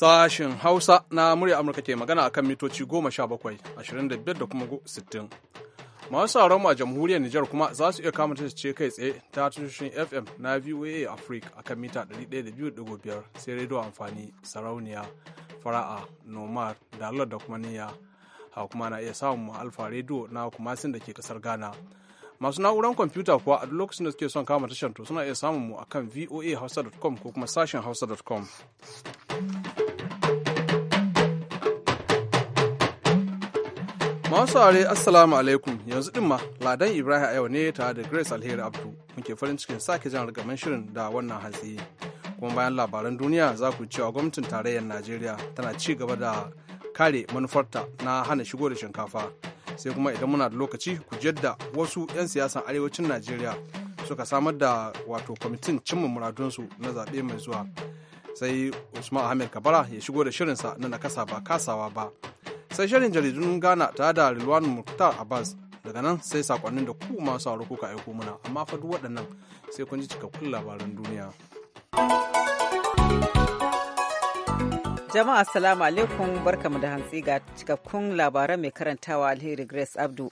Sashen Hausa na murya Amurka ke magana akan mitoci 17, da kuma 60. Masu sauran a jamhuriyar Nijar kuma za su iya kama ce kai tsaye ta tushen FM na VOA Africa akan mita 102.5 sai rediyo amfani sarauniya fara'a nomad dalar da kuma niyya ha kuma na iya samun alfa rediyo na kumasin da ke kasar Ghana. masu na'uran kwamfuta kuwa a duk lokacin da suke son kama tashar to suna iya samun mu akan voahausa.com ko kuma sashen hausa.com. Masu are assalamu alaikum yanzu din ma ladan Ibrahim yau ne tare da Grace Alheri Abdu muke farin cikin sake jan rigaman shirin da wannan hatsi. Kuma bayan labaran duniya za ku cewa gwamnatin tarayyar Najeriya tana ci gaba da kare manufarta na hana shigo da shinkafa. Sai kuma idan muna da lokaci ku jadda wasu 'yan siyasan arewacin Najeriya suka samar da wato kwamitin cimma muradunsu na zaɓe mai zuwa. Sai Usman Ahmed Kabara ya shigo da shirinsa na nakasa ba kasawa ba. sai shirin jaridun Ghana ta da Rilwan Muktar Abbas daga nan sai sakonnin da ku masu sauraro kuka aiko mana amma fa duk waɗannan sai kun ji cikakkun labaran duniya. Jama'a assalamu alaikum barkamu da hantsi ga cikakkun labaran mai karantawa Alheri Grace Abdu.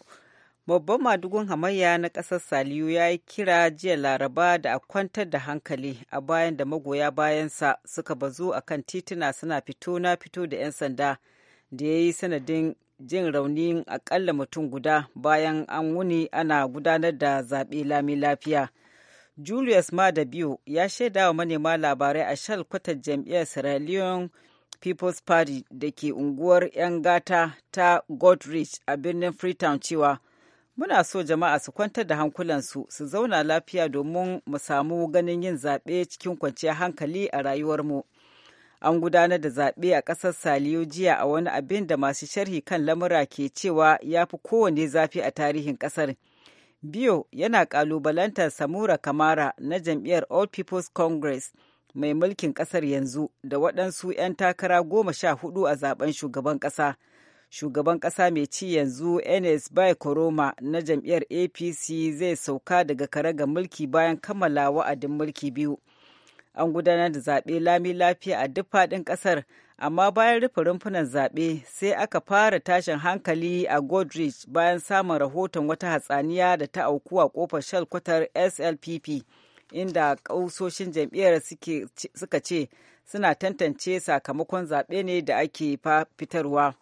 Babban madugun hamayya na ƙasar Saliyu ya yi kira jiya Laraba da a kwantar da hankali a bayan da magoya bayansa suka bazu a kan tituna suna fito na fito da 'yan sanda. da ya yi sanadin jin rauni akalla mutum guda bayan an wuni ana gudanar da zaɓe lami lafiya. Julius Madabiu ya shaida wa manema labarai a shalkwatar jam'iyyar Sierra Leone People's Party da ke unguwar 'yan gata ta Godrich a birnin Freetown cewa muna so jama'a su kwantar da hankulansu su zauna lafiya domin mu samu ganin yin zaɓe cikin kwanciyar hankali a rayuwarmu. an gudanar da zaɓe a ƙasar saliyo jiya a wani abin da masu sharhi kan lamura ke cewa ya fi kowane zafi a tarihin ƙasar biyo yana ƙalubalantar samura kamara na jam'iyyar all people's congress mai mulkin ƙasar yanzu da waɗansu 'yan takara goma sha hudu a zaben shugaban ƙasa shugaban ƙasa mai ci yanzu ns bai koroma na jam'iyyar apc zai sauka daga kare ga mulki bayan kammala wa'adin mulki biyu an gudanar da zaɓe lami lafiya a duk faɗin ƙasar amma bayan rufe rumfunan zaɓe sai aka fara tashin hankali a godrich bayan samun rahoton wata hatsaniya da ta auku a kofar shalkwatar slpp inda ƙausoshin jam'iyyar suka ce suna tantance sakamakon zaɓe ne da ake fitarwa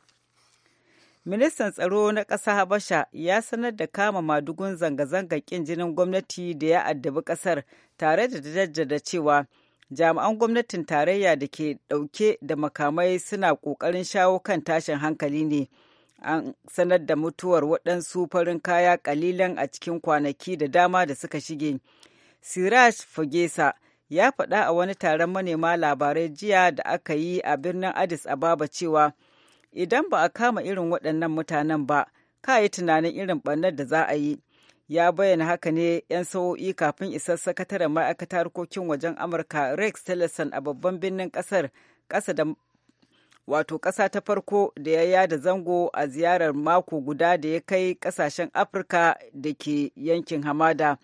ministan tsaro na ƙasa habasha ya sanar da kama madugun zanga-zangar ƙin jinin gwamnati da ya addabi ƙasar tare da jaddada cewa jami'an gwamnatin tarayya da ke ɗauke da makamai suna ƙoƙarin shawo kan tashin hankali ne an sanar da mutuwar waɗansu farin kaya ƙalilan a cikin kwanaki da dama da suka shige siraj fagesa ya faɗa a wani taron manema labarai jiya da aka yi a birnin addis ababa cewa idan ba a kama irin waɗannan mutanen ba ka yi tunanin irin ɓannar da za a yi ya bayyana haka ne 'yan sa'o'i kafin isar sakataren ma'aikatar harkokin wajen amurka rex tillerson a babban birnin kasar kasa da wato kasa ta farko da ya yada zango a ziyarar mako guda da ya kai kasashen afirka da ke yankin hamada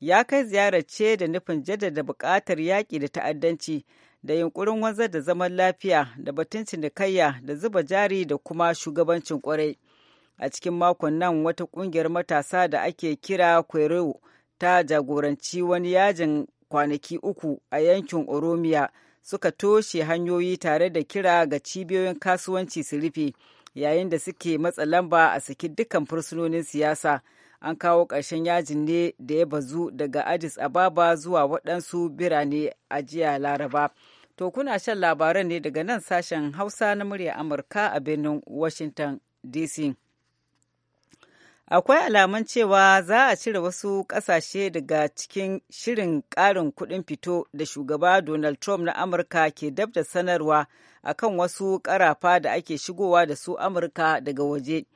ya kai ziyarar ce da nufin jaddada buƙatar yaƙi da ta'addanci da yunkurin wanzar da zaman lafiya da batun cinikayya da zuba jari da kuma shugabancin ƙwarai. a cikin makon nan wata kungiyar matasa da ake kira kwero ta jagoranci wani yajin kwanaki uku a yankin oromia suka toshe hanyoyi tare da kira ga cibiyoyin kasuwanci su rufe yayin da suke matsa lamba a saki dukkan fursunonin siyasa. An kawo ƙarshen yajin ne da ya bazu daga Addis Ababa zuwa waɗansu birane a jiya Laraba. To kuna shan labaran ne daga nan sashen Hausa na murya Amurka a birnin Washington DC. akwai alaman cewa za a cire wasu ƙasashe daga cikin shirin ƙarin kuɗin fito da shugaba donald trump na amurka ke dab da sanarwa a kan wasu ƙarafa da ake shigowa da su amurka daga waje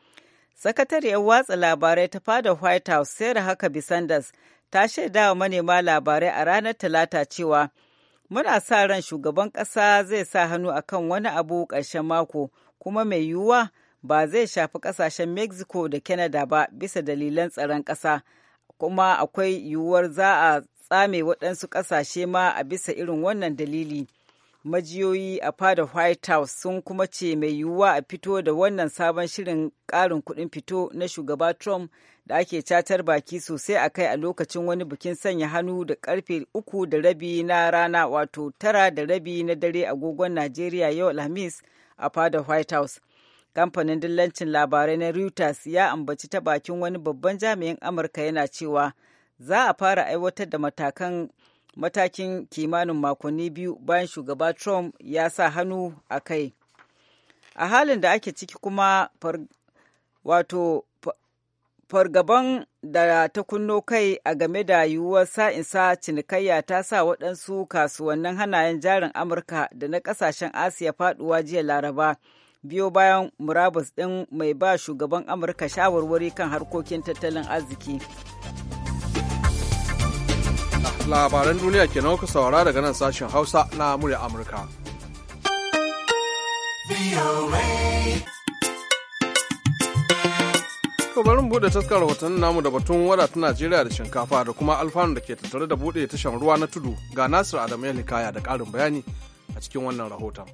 sakatariyar watsa labarai ta fada white house da haka sanders ta shaidawa manema labarai a ranar talata cewa muna sa ran shugaban ƙasa zai sa hannu akan wani abu ƙarshen mako kuma mai yiwuwa ba zai shafi kasashen mexico da canada ba bisa dalilan tsaron ƙasa kuma akwai yiwuwar za a tsame waɗansu ƙasashe ma a bisa irin wannan dalili majiyoyi a fada white house sun kuma ce mai yiwuwa a fito da wannan sabon shirin ƙarin kuɗin fito na shugaba trump da ake catar baki sosai a kai a lokacin wani bikin sanya hannu da karfe uku da rabi na rana wato tara da rabi na dare agogon najeriya yau alhamis a fada white house Kamfanin dillancin labarai na Reuters ya ambaci ta bakin wani babban jami'in Amurka yana cewa za a fara aiwatar da matakan matakin kimanin makonni biyu bayan shugaba Trump ya sa hannu a kai. A halin da ake ciki kuma wato fargaban da ta kunno kai a game da yiwuwar sa'insa cinikayya ta sa waɗansu kasuwannin hanayen jarin Amurka da na ƙasashen Asiya faɗuwa jiya Laraba biyo bayan murabus ɗin mai ba shugaban amurka shawarwari kan harkokin tattalin arziki labaran duniya ke nauka saurara daga nan sashen hausa na murya amurka kabarin bari mu buɗe taskar rahoton namu da batun wada ta Najeriya da shinkafa da kuma alfanu da ke tattare da buɗe tashan ruwa na tudu ga Nasir Adamu ya da ƙarin bayani a cikin wannan rahoton.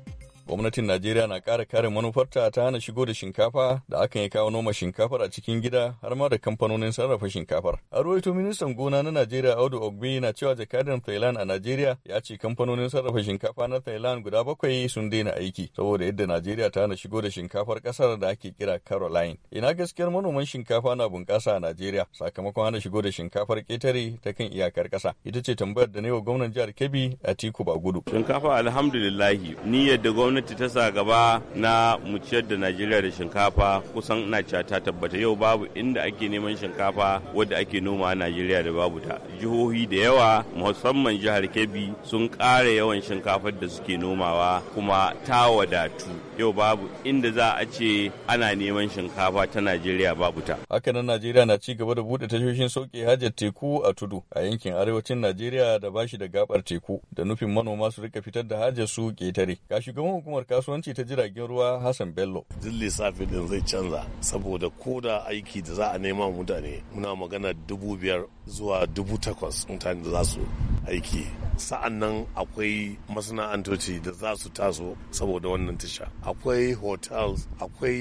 Gwamnatin Najeriya na ƙara kare manufarta ta hana shigo da shinkafa da akan yi kawo noma shinkafar a cikin gida har ma da kamfanonin sarrafa shinkafar. A ruwaito ministan gona na Najeriya Audu Ogbe na cewa jakadan Thailand a Najeriya ya ce kamfanonin sarrafa shinkafa na Thailand guda bakwai sun daina aiki saboda yadda Najeriya ta hana shigo da shinkafar kasar da ake kira Caroline. Ina gaskiyar manoman shinkafa na bunƙasa a Najeriya sakamakon hana shigo da shinkafar ƙetare ta kan iyakar ƙasa. Ita ce tambayar da na yi wa gwamnan jihar Kebbi a Bagudu. Shinkafa alhamdulillahi ni gwamnati ta sa gaba na mu ciyar da najeriya da shinkafa kusan ina cewa ta tabbata yau babu inda ake neman shinkafa wadda ake noma a najeriya da babu ta jihohi da yawa musamman jihar kebbi sun ƙara yawan shinkafar da suke nomawa kuma ta wadatu yau babu inda za a ce ana neman shinkafa ta Najeriya babu ta. Hakanan Najeriya na ci gaba da buɗe tashoshin sauke hajar teku a tudu a yankin arewacin Najeriya da bashi da gabar teku da nufin manoma su rika fitar da hajar su ketare. Ga shugaban hukumar kasuwanci ta jiragen ruwa Hassan Bello. Duk lissafi din zai canza saboda ko da aiki da za a nema mutane muna magana dubu biyar zuwa dubu takwas mutane da za su aiki sa'an nan akwai masana'antoci da za su taso saboda wannan tasha akwai hotels akwai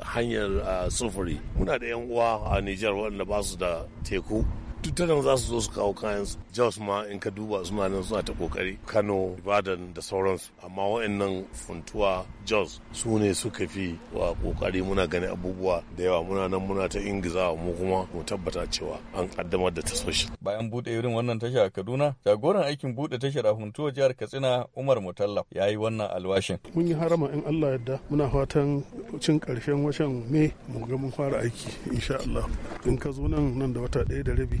hanyar ah, sufuri muna da 'yan uwa a nijar waɗanda ba su da teku tutunan za su zo su kawo kayan su jos ma in ka duba suna nan suna ta kokari kano ibadan da sauransu amma wa'annan funtuwa jos su ne suka fi wa kokari muna ganin abubuwa da yawa muna nan muna ta ingizawa mu kuma mu tabbata cewa an kaddamar da soshi bayan bude irin wannan tasha a kaduna jagoran aikin bude tashar a funtuwa jihar katsina umar mutalla ya yi wannan alwashin mun yi harama in allah yadda muna fatan cin karshen watan me mu ga mun fara aiki insha in ka zo nan nan da wata ɗaya da rabi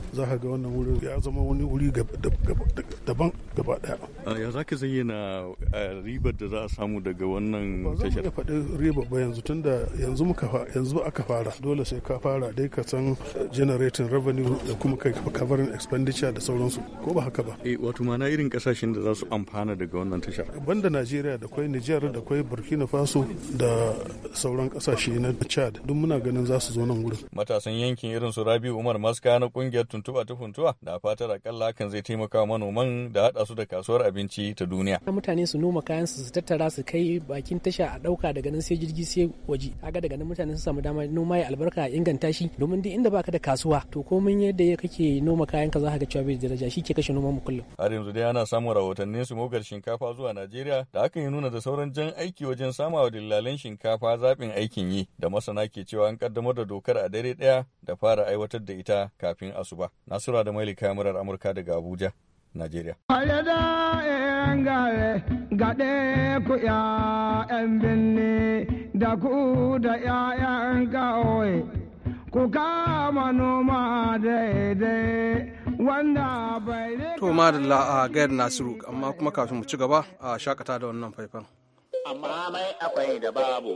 za ka ga wannan wurin ya zama wani wuri daban gaba daya ya za ka zayyana ribar da za a samu daga wannan tashar ba faɗi ribar ba yanzu tun da yanzu muka yanzu aka fara dole sai ka fara dai ka san generating revenue da kuma kai covering expenditure da sauransu ko ba haka ba eh wato mana irin kasashen da za su amfana daga wannan tashar banda Najeriya da kwai Nijar da kwai Burkina Faso da sauran kasashe na Chad duk muna ganin za su zo nan wurin matasan yankin irin su Rabi Umar Maska na kungiyar huntuwa ta huntuwa da fatar akalla hakan zai taimaka manoman da haɗa su da kasuwar abinci ta duniya. Mutane su noma kayan su su tattara su kai bakin tasha a dauka daga nan sai jirgi sai waje. Kaga daga nan mutane su samu dama noma ya albarka a inganta shi domin duk inda baka da kasuwa to komai yadda ya kake noma kayan ka za ka ga cewa bai daraja shi ke kashe noman mu kullum. Har yanzu dai ana samun rahotannin su mogar shinkafa zuwa Najeriya da hakan ya nuna da sauran jan aiki wajen samawa dillalan shinkafa zaɓin aikin yi da masana ke cewa an kaddamar da dokar a dare ɗaya da fara aiwatar da ita kafin asuba. Nasura da Maili kayan murar Amurka daga Abuja, Najeriya. gaɗe ku ‘ya'yan binni da ku da ‘ya'yan ƙawai, ku kama noma daidai wanda bai To, ma da la'a gayar Nasiru, amma kuma kafin mu ci gaba a shakata da wannan faifan. amma mai akwai da babu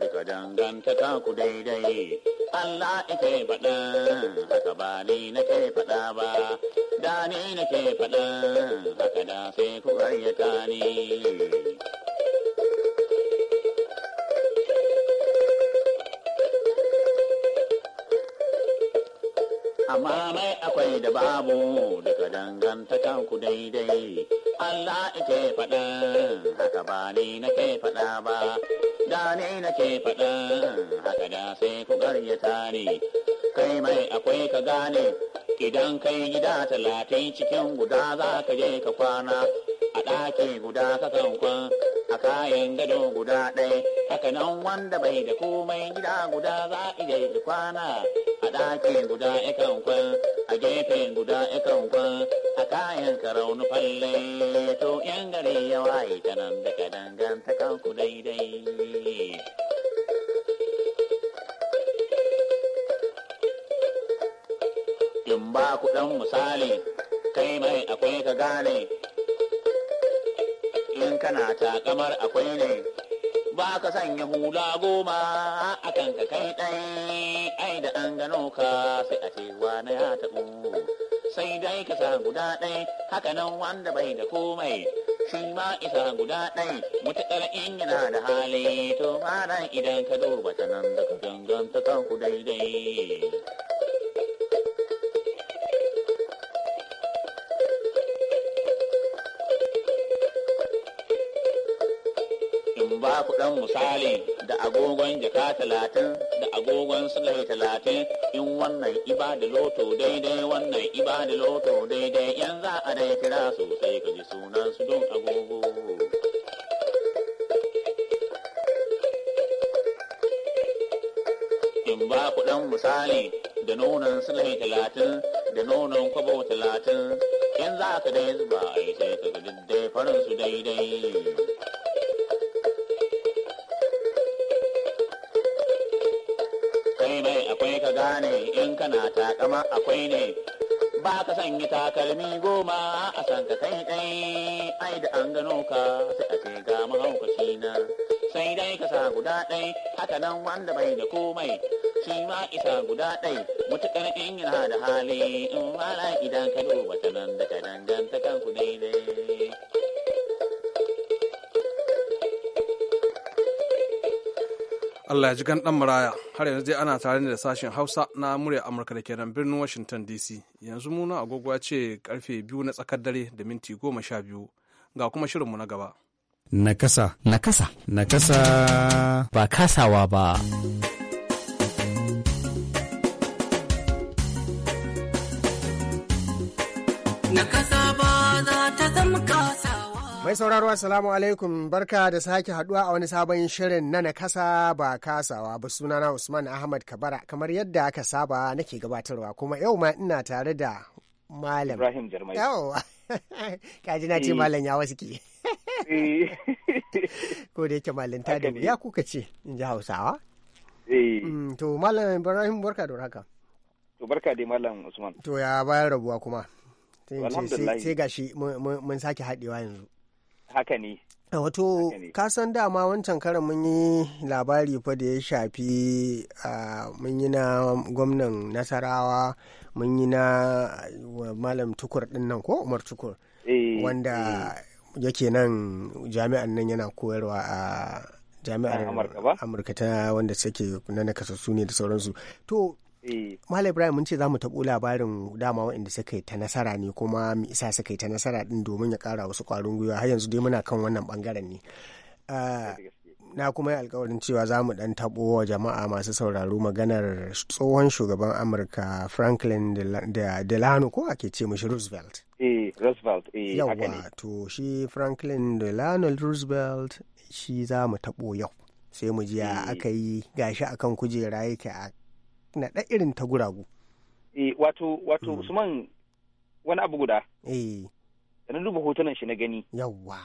duka dangantaka ku daidai. Allah ike faɗa, haka ba ni nake faɗa ba, da ni nake faɗa, haka da sai ku ayyata ni. amma mai akwai da babu daga dangantakan ku daidai Allah ike faɗa haka ba ni nake faɗa ba da ni nake faɗa haka da sai ku garyata ne kai mai akwai ka gane idan kai gida talatin cikin guda za ka je ka kwana a ɗaki guda ka kan kayan gado guda ɗaya haka nan wanda bai da komai gida guda za a iya yi kwana a ɗakin guda yakan kwan a gefen guda yakan kwan a kayan karau falle to yan gari ya waye ta nan daga danganta kanku daidai in ba ku ɗan misali kai mai akwai ka gane in kana takamar akwai ne ba ka sanya hula goma a kan ka kai ɗai ai da an gano ka sai a cewa na ya taɓu sai dai ka sa guda ɗai haka nan wanda bai da komai shi ma isa guda ɗai mutuƙar in yana da hali to ma idan ka duba ta nan da ka ganganta kanku daidai ba ku dan misali da agogon jaka talatin da agogon sulai talatin in wannan iba da loto daidai wannan iba da loto daidai yan za a dai kira sosai ka ji sunan su don agogo. In ba ku dan misali da nonon sulai talatin da nonon kwabo talatin yan za ka dai zuba a yi sai ka ga daidai farin su daidai. kana takama akwai ne ba ka sanya takalmi goma a san ka kai kai ai da an gano ka sai a ce ga mahaukaci na sai dai ka sa guda ɗai haka nan wanda bai da komai shi ma isa guda ɗai mutukar in yana da hali in wala idan ka duba ta nan da ka danganta kanku daidai Allah ya ji gan dan maraya har yanzu dai ana tare da sashen Hausa na murya Amurka da ke nan birnin Washington DC. Yanzu muna agogo ce karfe biyu na tsakar dare da minti goma sha biyu ga kuma shirinmu na gaba. Nakasa. Nakasa. Nakasa. Ba kasawa ba. Nakasa. Mai sauraro Assalamu alaikum barka da sake haduwa a wani sabon shirin na na kasa ba kasawa ba sunana Usman Ahmad Kabara kamar yadda aka saba nake gabatarwa kuma yau ma ina tare da Malam. Ibrahim Jarmai. Yawa. Kaji na ce eh. Malam ya wasu ke. Eh. Ko da yake malinta da ya kuka ce in ji Hausawa. Eh. Mm, to Malam Ibrahim barka da haka. To barka dai Malam Usman. To ya bayan rabuwa kuma. Sai gashi mun sake haɗewa yanzu. haka ne eh, wato kasan dama wancan karan mun yi labari fa da ya shafi mun yi na gwamnan nasarawa mun yi na malam tukur din nan ko umar tukur eh, wanda eh. yake nan jami'an nan yana koyarwa a jami'ar amurka ta wanda suke na nakasassu ne da sauransu to Eh. Malam Ibrahim mun ce za mu taɓo labarin dama waɗanda suka yi ta nasara ne kuma mu isa suka yi ta nasara ɗin domin ya ƙara wasu ƙwarin gwiwa har yanzu dai muna kan wannan ɓangaren ne. Ah, na kuma yi alkawarin cewa za mu ɗan taɓo wa jama'a masu sauraro maganar tsohon shugaban amurka franklin delano ko ake ce mishi roosevelt eh roosevelt eh to shi franklin delano roosevelt shi za mu taɓo yau sai mu ji eh. aka yi gashi akan kujera yake a naɗa irin ta guragu. E, wato, wato, mm. Usman wani abu guda. E. Da na duba hotunan shi na gani. Yawwa.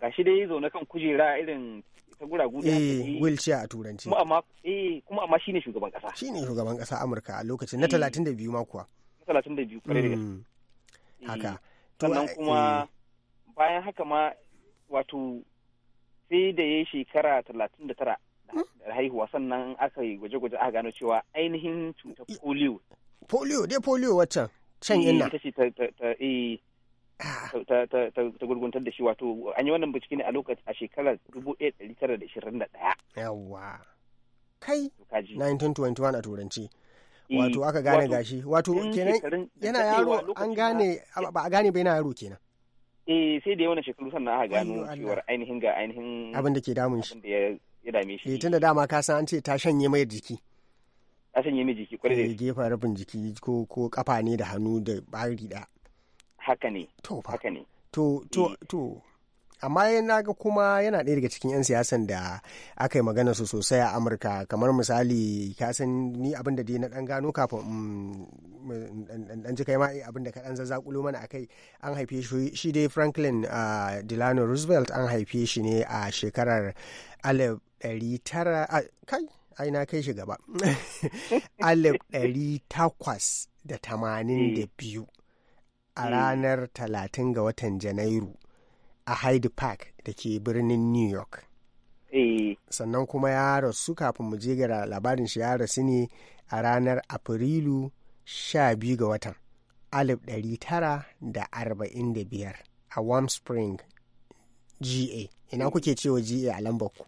Ga shi dai zaune kan kujera irin ta guragu da e, wheelchair a turanci. Kuma amma, e, kuma amma ne shugaban kasa. ne shugaban kasa Amurka a lokacin na talatin da biyu ma kuwa. Na talatin da biyu, kwarai da mm. Haka. Sannan kuma bayan haka ma wato sai da ya shekara talatin da tara da haihuwa sannan aka yi gwaje-gwaje aka gano cewa ainihin cutar polio polio dai polio waccan can eh, inna ita ce eh, ta ta gurguntar da shi wato an yi wannan bincike ne a lokacin a shekarar 1921 yawa kai 1921 a turanci eh, wato aka gane gashi wato kenan yana yaro an gane ba a gane ba yana yaro kenan eh sai da yawan shekaru sannan aka gano cewar ainihin ga ainihin abin da ke damun shi ya dame shi. Eh, tun da dama ka san an ce ta shanye mai jiki. Ta shanye mai jiki kwarai da eh, gefen rufin jiki ko ko kafa ne da hannu da bari da. Haka ne. To fa. Haka ne. To to eh. to amma yana ga kuma yana ɗaya daga cikin 'yan siyasan da aka yi magana su sosai a amurka kamar misali ka san ni abin da dai na ɗan gano kafin mm, ɗan ji kai ma abin da ka ɗan zazzakulo mana akai an haife shi dai franklin ah, delano roosevelt an haife shi ne a shekarar alif ɗari a kai shi gaba alif ɗari takwas da tamanin da biyu a eh. ranar talatin ga watan janairu a Hyde Park da ke birnin New York. Eh. Sannan kuma ya rasu kafin mu je ga labarin shi ya rasu ne a ranar Afrilu sha biyu ga watan ɗari tara da da arba'in biyar a Warm Spring GA. Ina eh. kuke cewa GA a lambar ku?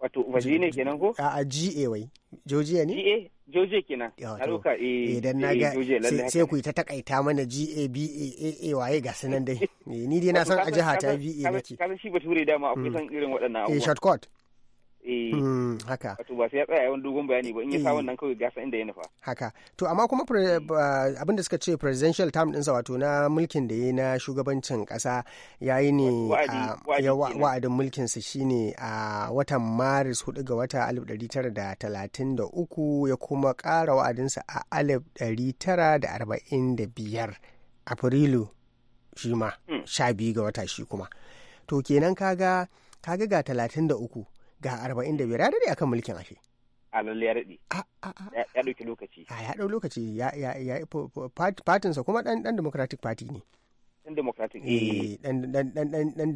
wato waje ne kenan ko a a GA wai jojiya ne GA Georgia kenan a roka eh idan na eh, ga sai ku ta takaita mana GA BA A waye ga sanan dai eh, ni dai na san a jiha ta BA nake kasan shi bature dama akwai mm. san irin waɗannan eh, abubuwa eh shortcut Eh, hmm, haka wato ba sai ya tsaya yawan dogon bayani ba in ya sa eh. wannan kawai gasa inda ya nufa haka to amma kuma hmm. abin da suka ce presidential term ɗinsa wato na mulkin da ya na shugabancin ƙasa ya yi ne ah, wa'adin mulkin sa shine a watan maris 4 ga wata 1933 ya kuma ƙara sa a 1945 afrilu shi ma 12 hmm. ga wata shi kuma to kenan kaga kaga ga 33 ga 45 ya daɗe akan mulkin ashe a lalle ya daɗe ya ɗauki lokaci ya ɗau lokaci ya ya fatinsa kuma ɗan democratic party ne ɗan democratic eh ɗan ɗan ɗan ɗan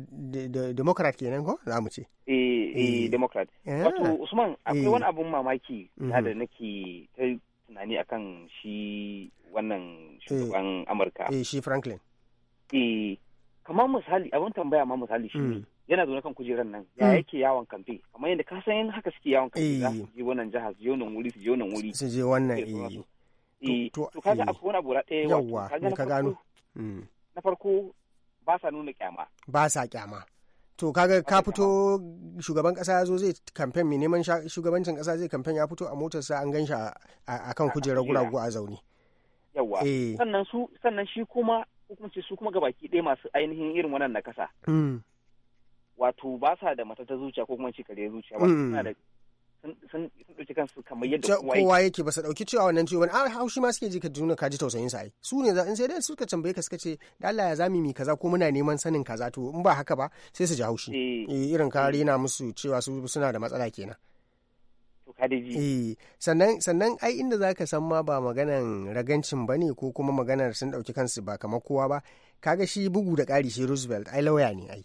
democrat kenan ko za mu ce eh eh, eh. democrat ah. wato usman akwai eh. wani abun mamaki na mhm. da nake ta tunani akan shi wannan eh. shugaban amurka eh shi franklin eh kamar misali abin tambaya ma misali shi ne mm. yana zaune kan kujerar nan ya hmm. yake yawon kamfe kamar yadda ka san haka suke yawon kamfe za su eh. je wannan jihar su je wannan wuri su je wannan wuri su je wannan eh. eh to ga eh. akwai wani abu ɗaya yawa ka gano hmm. na farko ba sa nuna kyama ba sa kyama to kaga ka fito shugaban kasa ya zo zai kamfen mai neman shugabancin kasa zai kamfen ya fito a motarsa an gan shi a kan kujerar guragu a zaune yawa sannan su sannan shi kuma hukunci su kuma gabaki ɗaya masu ainihin irin wannan na kasa hmm. wato ba sa da mata ta zuciya ko kuma ce zuciya ba mm. suna da sun ɗauki kansu kamar yadda kowa yake ba su ɗauki cewa wannan ciwon a haushi ma suke ji ka juna ka ji tausayin sa ai su ne in sai dai suka tambaye ka suka ce da Allah ya zami mi kaza ko muna neman sanin kaza to in ba haka ba sai su ji haushi eh. Eh, irin ka eh. rena musu cewa su suna da matsala kenan sannan sannan ai inda zaka san ma ba maganan ragancin ba ne ko kuma maganar sun ɗauki kansu ba kamar kowa ba kaga shi bugu da ƙari shi Roosevelt ai lauya ne ai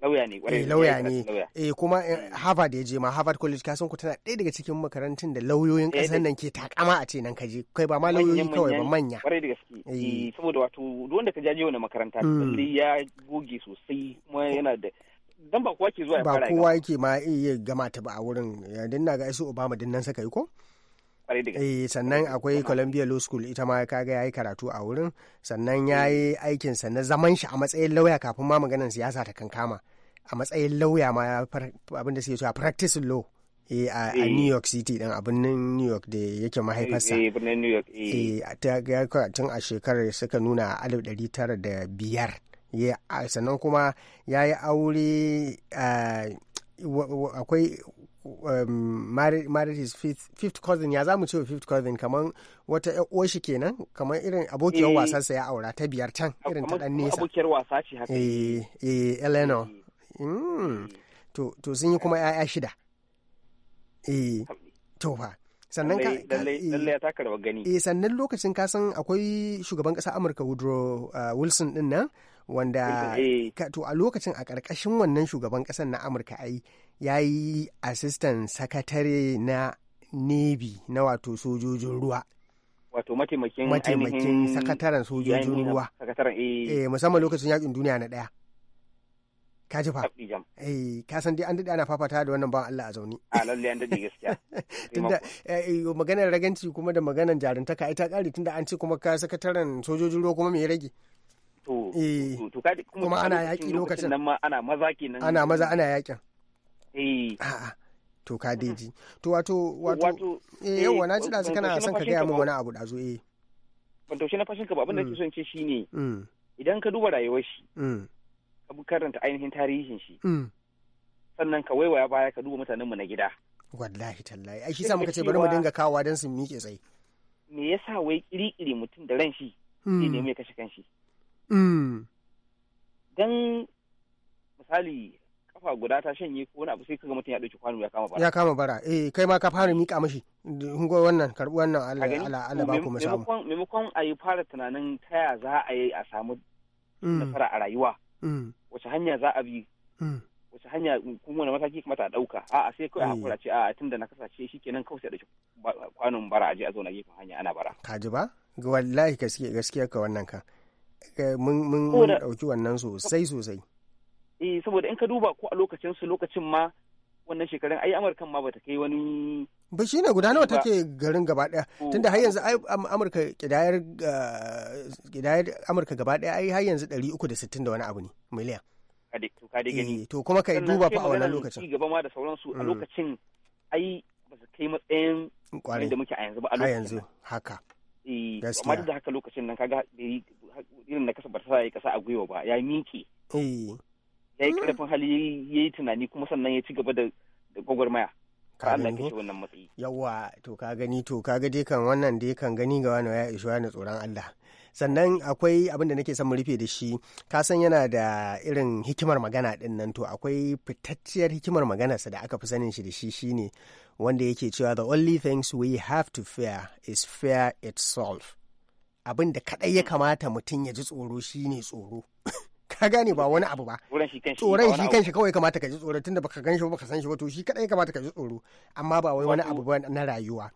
lauya ne kwarai eh, lauya ne eh kuma eh, mm. Harvard ya je ma Harvard College ka san ku tana ɗaya daga cikin makarantun da lauyoyin eh, ƙasar nan ke takama a ce nan ka je kai ba ma lauyoyi kawai ba manya kwarai da gaske eh saboda wato duk wanda ka jaje wannan makaranta mm. lalle ya goge sosai kuma yana da dan ba kowa ke zuwa ya fara ba kowa yake ma iya gama ta ba a wurin dan na ga Isu Obama din nan saka yi ko Eh sannan akwai Columbia Law School ita ma ka kaga yayi karatu a wurin sannan mm. yayi aikin sa na zaman shi a matsayin lauya kafin ma maganar siyasa ta kankama a matsayin lauya ma abin da suke cewa practice law eh, a eh. New York City din abin New York da yake mahaifarsa. Eh, eh birnin New York. Eh tun a shekarar suka nuna 1905 sannan kuma ya yi aure akwai um, married his fifth, fifth cousin ya zamu cewa fifth cousin kamar wata ƴan shi kenan kamar irin abokiyar eh. wasan sa ya aura ta biyar can irin ta dan nesa abokiyar wasa ce haka eh eh Eleanor mm. to to sun yi kuma ƴaƴa shida eh to fa sannan ka lalle ya taka rawar gani eh sannan lokacin ka san akwai shugaban ƙasa Amurka Woodrow uh, Wilson din nan wanda to a lokacin a ƙarƙashin wannan shugaban ƙasar na Amurka ai ya yi assistant sakatare na navy na wato sojojin ruwa wato mataimakin sakataren sojojin ruwa eh, eh, musamman lokacin yakin duniya na daya ka ji fa eh ka san dai an dade ana fafata da wannan ban Allah a zaune a lalle an dade gaskiya tunda eh, maganar raganci kuma da maganar jaruntaka ita kare tunda an ce kuma ka sakataren sojojin ruwa kuma me rage to to kuma ana yaki lokacin nan ma ana maza kenan ana maza ana yakin Eh. a'a to ka daji to wato wato eh, eh yawa na ji dazu kana son ka gaya min wani abu dazu eh ban taushe na fashin ka ba abin da mm. ke son ce shine mm. idan ka duba rayuwar shi mm. ka karanta ainihin tarihin shi sannan ka waiwaya baya ka duba mutanenmu na gida wallahi tallahi ai shi sa muka ce bari mu dinga kawa dan su miƙe tsaye me yasa wai kirikiri mutum da ran shi Ne mai ya kashe kanshi dan misali kafa guda ta shanye ko wani abu sai kaga mutum ya dauki kwano ya kama bara ya kama bara eh kai ma ka fara mika mashi hungo wannan karbi wannan Allah Allah ba ku samu maimakon a yi fara tunanin taya za a yi a samu mm. nasara a rayuwa mm. wace hanya za a bi mm. wace hanya kuma wani mataki kamata a dauka a'a sai a eh. hakura ce a'a tunda na kasace shikenan kawai sai a dauki kwanon bara a je a zauna gefen hanya ana bara ka ji ba wallahi gaskiya gaskiya ka wannan ka eh, mun mun dauki wannan sosai sosai eh saboda in ka duba ko a lokacin su lokacin ma wannan shekarun ai amurka ma bata kai wani ba shi ne guda nawa take garin gaba daya oh. tunda har yanzu amurka kidayar kidayar amurka gaba daya ai har yanzu 360 da wani abu ne miliyan ka eh, to kuma ka duba fa a wannan lokacin gaba ma da sauransu a hmm. lokacin ai ba su kai matsayin kwari da muke a yanzu ba a yanzu haka eh, amma duk da haka lokacin nan kaga irin da kasa ba ta sa ya kasa a gwiwa ba ya miƙe eh. ya yi mm. karfin hali ya yi tunani kuma sannan ya ci gaba da gwagwarmaya ka Allah yawa to ka gani to ka ga kan wannan dai kan gani ga wani ya ishi wani tsoron Allah sannan akwai abin da nake son mu rufe da shi ka san yana da irin hikimar magana din nan to akwai fitacciyar hikimar magana sa da aka fi sanin shi da shi shine wanda yake cewa the only things we have to fear is fear itself abin da kadai ya kamata mutum ya ji tsoro shine tsoro ka gane ba wani abu ba tsoron shi kanshi kawai kamata ka ji tsoro tunda baka gan shi ba baka san shi ba to shi kadai kamata ka ji tsoro amma ba wai wani abu ba na rayuwa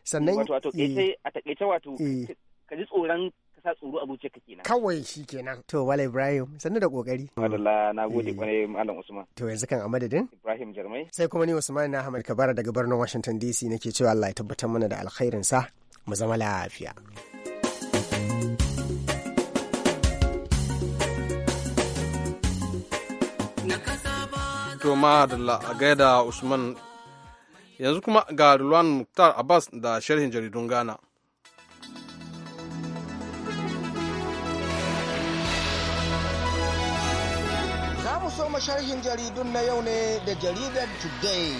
sannan wato eh, a takaice wato eh. ka ji tsoron sa tsoro a ka kenan kawai shi kenan to wala ibrahim sannu da kokari madalla na gode kwarai eh. malam usman to yanzu kan a madadin ibrahim jarmai sai kuma ni usman na ahmad kabara daga birnin washington dc nake cewa allah ya tabbatar mana da alkhairin sa mu zama lafiya thank you To ma da gaida Usman yanzu kuma ga Rulwan Muktar Abbas da sharhin jaridun Ghana. Za mu soma sharhin jaridun na yau ne da jaridar Today,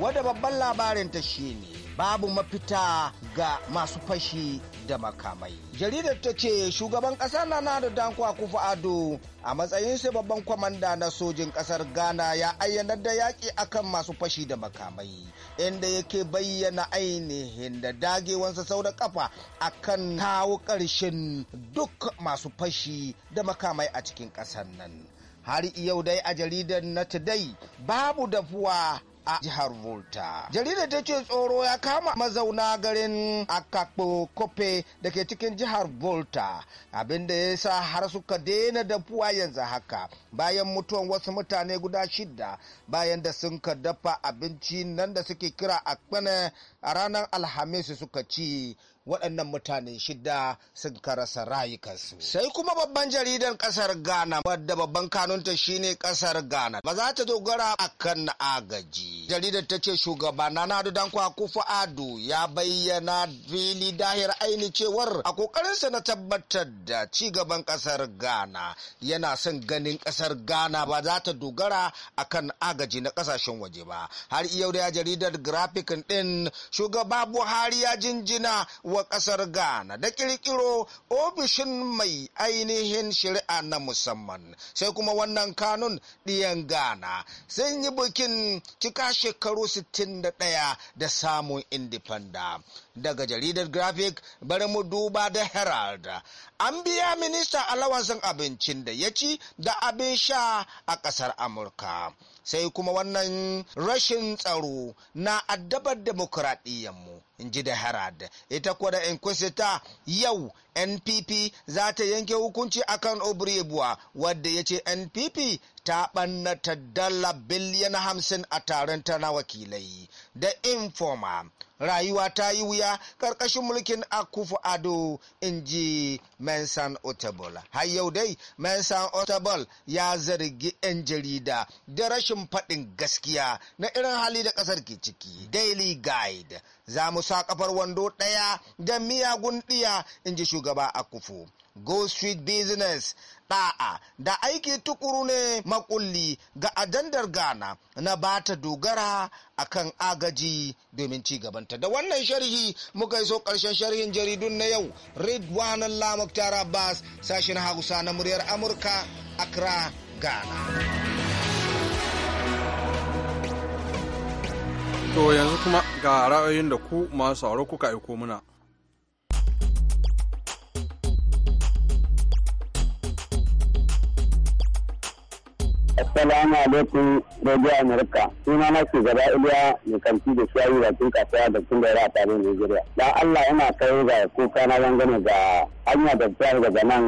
wadda babban labarinta shi ne babu mafita ga masu fashi da makamai. Jaridar ta ce shugaban ƙasa Nana da dankwa kufa Ado a matsayinsa babban kwamanda na sojin ƙasar Ghana ya ayyana da yaƙi akan masu fashi da makamai inda yake bayyana ainihin da dagewansa sau da kafa akan kawo ƙarshen duk masu fashi da makamai a cikin ƙasar nan. Har yau dai a jaridar na Today babu dafuwa a jihar Volta. Jaridar ta ce tsoro ya kama mazauna garin Akakpo Kope da ke cikin jihar Volta abinda ya sa har suka daina dafuwa yanzu haka bayan mutuwan wasu mutane guda shida bayan da sun ka dafa abinci nan da suke kira a ranar Alhamis suka ci waɗannan mutane shida sun karasa rayukansu mm. sai kuma babban jaridan ƙasar ghana wadda babban kanunta shine ƙasar ghana ba za ta dogara akan agaji jaridar ta ce shugaba nana ado danko akufo ado ya bayyana fili dahir aini cewar a kokarinsa na tabbatar da ci gaban ƙasar ghana yana son ganin ƙasar ghana ba za ta dogara akan agaji na ƙasashen waje ba har yau da jaridar graphic ɗin shugaba buhari ya jinjina wa kasar Ghana da ƙirƙiro ofishin mai ainihin shari'a na musamman sai kuma wannan kanun ɗiyan Ghana sun yi bikin cika shekaru 61 da samun indifenda daga jaridar graphic bari mu duba da herald an biya minista alawansan abincin da ya ci da abin sha a ƙasar amurka sai kuma wannan rashin tsaro na addabar mu in ji da herald ita kuwa da inquisitor yau npp za ta yanke hukunci akan obriebuwa wadda ya ce npp ta ɓannata dala biliyan hamsin a taron ta na wakilai da informa rayuwa ta yi wuya ƙarƙashin mulkin akufu ado in ji mensan otabol har yau dai mensan otabol ya zargi 'yan jarida da rashin faɗin gaskiya na irin hali da ƙasar ke ciki daily guide za mu sa kafar wando ɗaya da miyagun ɗiya in ji shugaba akufu go street business da'a da aiki tukuru ne makulli ga ajandar Ghana na ba ta dogara kan agaji domin ci gabanta. Da wannan sharhi muka yi so ƙarshen sharhin jaridun na yau ridwanan Lamuk Tara bas sashen Hausa na muryar Amurka Accra Ghana. To yanzu kuma ga ra'ayin da ku masu sauraro kuka aiko muna. Assalamu alaikum Radio Amurka, Suna na shugaba Iliya mai kanti da shayi bakin kasuwa da kun ya a tsarin Najeriya. Dan Allah yana kai ga kuka na dangane ga hanya da ta daga nan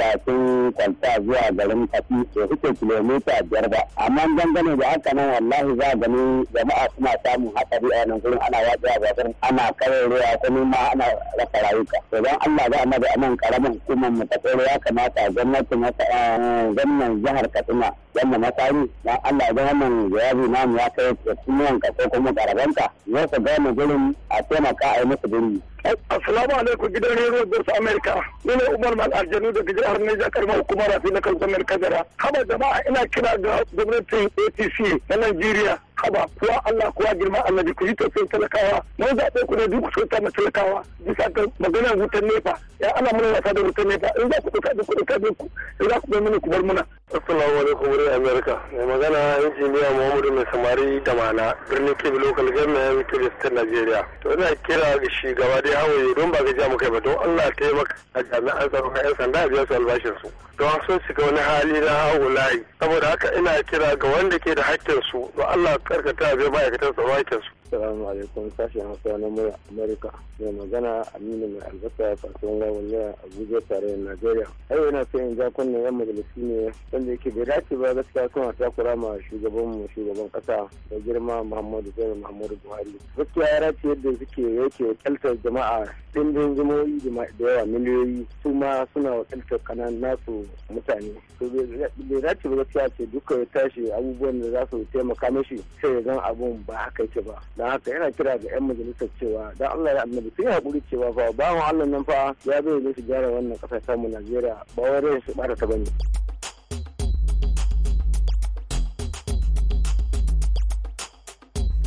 bakin kwalta zuwa garin kafi to suke kilomita biyar ba amma dangane da haka nan wallahi za gani jama'a suna samun hatsari a nan gurin ana yaɗa a bakin ana kare ruwa ko ma ana rasa rayuka to don Allah za a mada a nan karamin hukumar mu ta tsoro ya kamata gwamnatin eh, gwamnan jihar Katsina yamma masari na Allah ga wannan jawabi namu ya kai tsuniyan ka ko kuma karabanta zai su gane gurin a taimaka a yi musu gurin Assalamu alaikum gidan rediyo Birsa Amerika. Ni ne Umar Mal Aljanu daga jihar Niger karamar hukumar Rafi na Amerika Kadara. Haba jama'a ina kira ga gwamnatin ATC na Najeriya haba kuwa Allah kuwa girma annabi ku yi tausayin talakawa mun zaɓe ku ne duk ta ma talakawa bisa ga maganar wutar nefa ya ana mun wasa da wutar nefa in za ku ɗauka duk ku ɗauka ku in za ku bar mana ku bar muna. Assalamu alaikum wurin Amerika mai magana injiniya Muhammadu mai samari da mana birnin Kebbi local government Kebbi state Nigeria. To ina kira ga gaba dai hawaye don ba gajiya mu kai ba don Allah maka a jami'an tsaro na 'yan sanda a biya su albashinsu. Don sun shiga wani hali na hawa layi. Saboda haka ina kira ga wanda ke da hakkin su don Allah karkata ka biya ma'aikatan tsaro su. Assalamu alaikum sashen Hausa na murya Amurka. Mai magana Aminu mai albasa kasuwan gawon yara Abuja da Najeriya. Har yana so in ja kunnen yan majalisi ne wanda yake bai dace ba gaskiya suna takura ma shugaban mu shugaban kasa da girma Muhammadu Bello Muhammadu Buhari. Gaskiya ya dace yadda suke yake wakiltar jama'a dindin jimoyi da yawa miliyoyi su ma suna wakiltar kanan nasu mutane. To bai dace ba gaskiya ce duka ya tashi abubuwan da za su taimaka mashi sai ya zan abun ba haka yake ba. da haka yana kira ga 'yan majalisar cewa dan Allah ya annabi sai haƙuri cewa ba bawan Allah nan fa ya zo ne su gyara wannan ƙasar mu Najeriya ba wai su ɓata ta bane.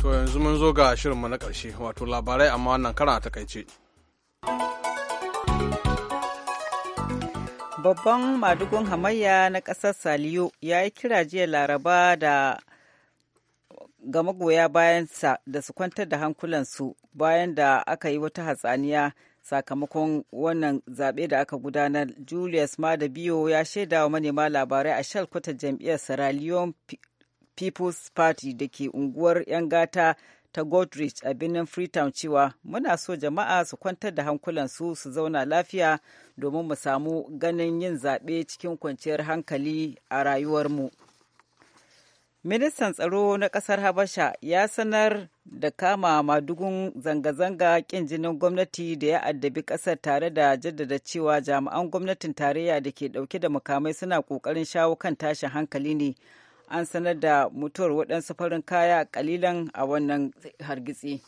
To yanzu mun zo ga shirinmu na ƙarshe wato labarai amma wannan kara a takaice. Babban madugun hamayya na ƙasar Saliyo ya yi kira jiya Laraba da ga magoya bayansa da su kwantar da hankulansu bayan da aka yi wata hatsaniya sakamakon wannan zaɓe da aka gudanar julius bio ya shaida wa manema labarai a shalkwatar jam'iyyar sierra leone people's party da ke unguwar 'yan gata ta godrich a birnin freetown cewa muna so jama'a su kwantar da hankulansu su zauna lafiya domin mu samu ganin yin zaɓe cikin kwanciyar hankali a rayuwarmu. mu ministan tsaro na kasar habasha ya sanar da kama madugun zanga-zanga kin jinin gwamnati da ya addabi kasar tare da jaddada cewa jami'an gwamnatin tarayya da ke dauke da makamai suna kokarin shawo kan tashin hankali ne an sanar da mutuwar waɗansu farin kaya kalilan a wannan hargitsi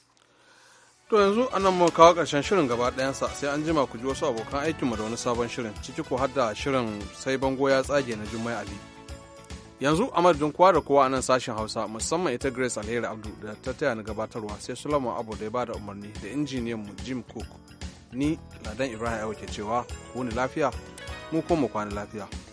to yanzu anan mu kawo ƙarshen shirin gaba ɗayansa sai an jima ku ji wasu abokan aikinmu da wani sabon shirin ciki ko har shirin sai bango ya tsage na jummai ali yanzu a madadin kowa da kowa a nan sashen hausa musamman ita grace alheri abdu da ta taya na gabatarwa sai sulaiman abu da ya bada umarni da injiniyan mu jim cook ni ladan ibrahim ke cewa ku ni lafiya mu kuma mu kwana lafiya